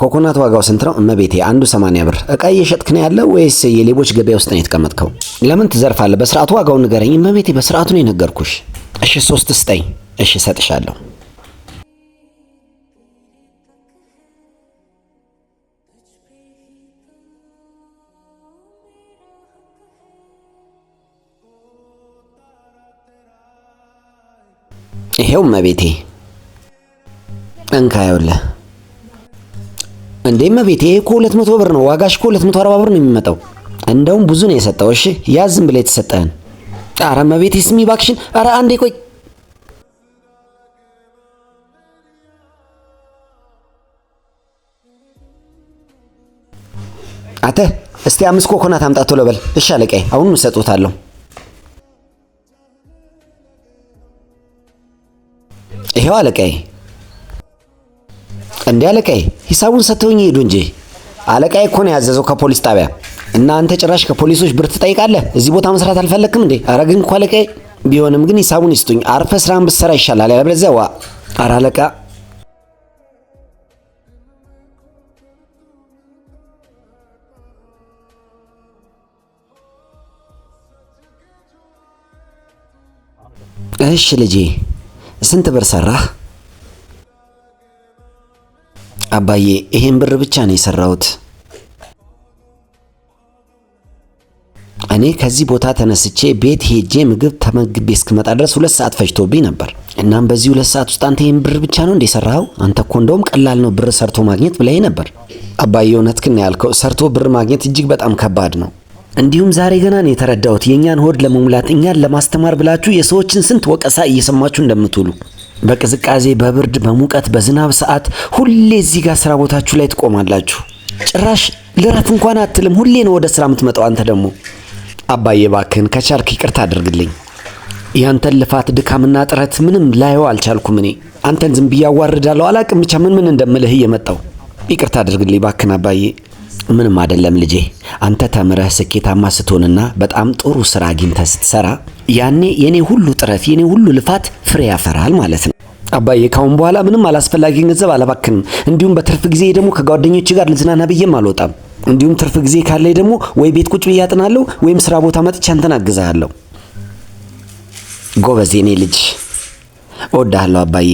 ኮኮናት ዋጋው ስንት ነው እመቤቴ? አንዱ 80 ብር። እቃ እየሸጥክ ነው ያለ ወይስ የሌቦች ገበያ ውስጥ ነው የተቀመጥከው? ለምን ትዘርፋለህ? በስርዓቱ ዋጋውን ንገረኝ እመቤቴ። በስርዓቱ ነው የነገርኩሽ። እሺ ሶስት ስጠኝ። እሺ እሰጥሻለሁ። ይሄው እመቤቴ እንካ ያውልህ እንዴ እመቤቴ፣ ይሄ እኮ 200 ብር ነው። ዋጋሽ እኮ 240 ብር ነው የሚመጣው። እንደውም ብዙ ነው የሰጠው። እሺ ያ ዝም ብለህ የተሰጠህን። ኧረ እመቤቴ ስሚ እባክሽን። ኧረ አንዴ ቆይ አተ እስቲ አምስት ኮኮናት አምጣ ቶሎ በል። እሺ አለቀይ አሁን እሰጥዎታለሁ። ይሄው አለቀይ እንዴ አለቃዬ፣ ሂሳቡን ሰጥተውኝ ሄዱ እንጂ። አለቃዬ እኮ ነው ያዘዘው ከፖሊስ ጣቢያ እና አንተ ጭራሽ ከፖሊሶች ብር ትጠይቃለህ። እዚህ ቦታ መስራት አልፈለክም እንዴ? ኧረ ግን እኮ አለቃዬ፣ ቢሆንም ግን ሂሳቡን ይስጡኝ። አርፈ ስራን ብትሰራ ይሻላል። ያለበለዚያ ዋ። ኧረ አለቃ እሺ ልጄ፣ ስንት ብር ሰራህ? አባዬ ይሄን ብር ብቻ ነው የሰራሁት። እኔ ከዚህ ቦታ ተነስቼ ቤት ሄጄ ምግብ ተመግቤ እስክመጣ ድረስ ሁለት ሰዓት ፈጅቶብኝ ነበር። እናም በዚህ ሁለት ሰዓት ውስጥ አንተ ይህን ብር ብቻ ነው እንዴ ሰራኸው? አንተ እኮ እንደውም ቀላል ነው ብር ሰርቶ ማግኘት ብለህ ነበር። አባዬ እውነትህን ያልከው፣ ሰርቶ ብር ማግኘት እጅግ በጣም ከባድ ነው። እንዲሁም ዛሬ ገና ነው የተረዳሁት የእኛን ሆድ ለመሙላት እኛን ለማስተማር ብላችሁ የሰዎችን ስንት ወቀሳ እየሰማችሁ እንደምትውሉ። በቅዝቃዜ በብርድ በሙቀት በዝናብ ሰዓት ሁሌ እዚህ ጋር ስራ ቦታችሁ ላይ ትቆማላችሁ። ጭራሽ ልረፍ እንኳን አትልም። ሁሌ ነው ወደ ስራ የምትመጣው። አንተ ደግሞ አባዬ ባክን ከቻልክ ይቅርታ አድርግልኝ። ያንተን ልፋት ድካምና ጥረት ምንም ላየው አልቻልኩም። እኔ አንተን ዝም ብዬ አዋርዳለሁ። አላቅም ብቻ ምን ምን እንደምልህ እየመጣው ይቅርታ አድርግልኝ ባክን አባዬ። ምንም አይደለም ልጄ። አንተ ተምረህ ስኬታማ ስትሆንና በጣም ጥሩ ስራ አግኝተህ ስትሰራ ያኔ የኔ ሁሉ ጥረት የኔ ሁሉ ልፋት ፍሬ ያፈራል ማለት ነው። አባዬ ካሁን በኋላ ምንም አላስፈላጊ ገንዘብ አላባክንም። እንዲሁም በትርፍ ጊዜ ደግሞ ከጓደኞች ጋር ልዝናና ብዬም አልወጣም። እንዲሁም ትርፍ ጊዜ ካለኝ ደግሞ ወይ ቤት ቁጭ ብዬ አጥናለሁ ወይም ስራ ቦታ መጥቼ አንተን አግዛለሁ። ጎበዝ የኔ ልጅ፣ እወድሃለሁ አባዬ።